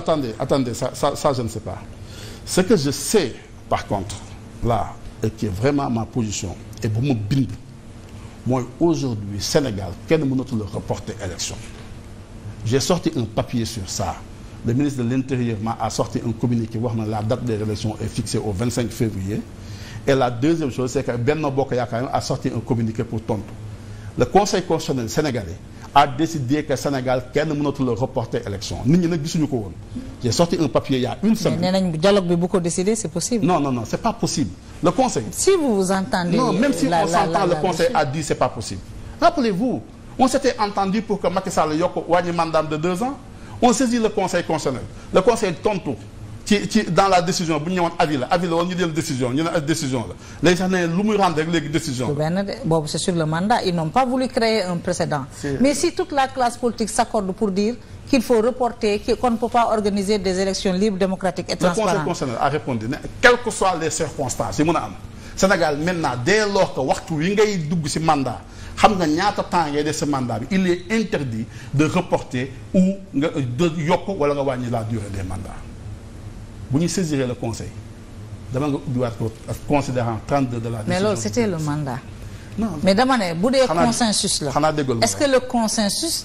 attendez attendez sa ça ça je ne sais pas ce que je sais par contre là et qui est vraiment ma position et bu ma bind mooy aujourd'hui Sénégal kenn mënatu la reporter élection j'ai sorti un papier sur ça le ministre de l'intérieur a sorti un communiqué wax na la date des élections est fixée au 25 février et la deuxième chose c'est que Benno Bokk Yaakaar a sorti un communiqué pour tontu le conseil constitutionnel sénégalais a décidé que Sénégal kenn mënatul a reporter élection nit ñi nag gisuñu ko woon. j'ai sorti un papier a une semaine. dialogue bi bu ko décider c'est possible. non non non c'est pas possible le conseil. si vous vous entendez. non même si la, on le conseil a dit c'est pas possible. rappelez-vous on s'était entendu pour que Macky Sall yokk wàññi mandat de deux ans on saisit le conseil constitutionnel le conseil tontu. ci ci dans la décision bu ñu ñëwoon avis la avis la woon ñu jël décision ñu ne décision la léegi sax ne lu muy rendre rek léegi décision. du boobu c'est sur le mandat ils n'ont pas voulu créer un précédent. mais si toute la classe politique s'accorde pour dire. qu'il faut reporter qu'on ne peut pas organiser des élections libres démocratiques et transparentes. Le Conseil a répondu ne quelles que am Sénégal maintenant dès lors que waxtu yi ngay dugg ci mandat xam nga ñaata temps ngay def ci mandat bi il est interdit nga de yokk wala nga wàññi la durée des mandats. bu ñu saisiré le conseil dama nga ubbiwaat ko ak considérant 32 de la. décision mais loolu c'était le mandat. non mais xanaa déggoo est-ce le consensus.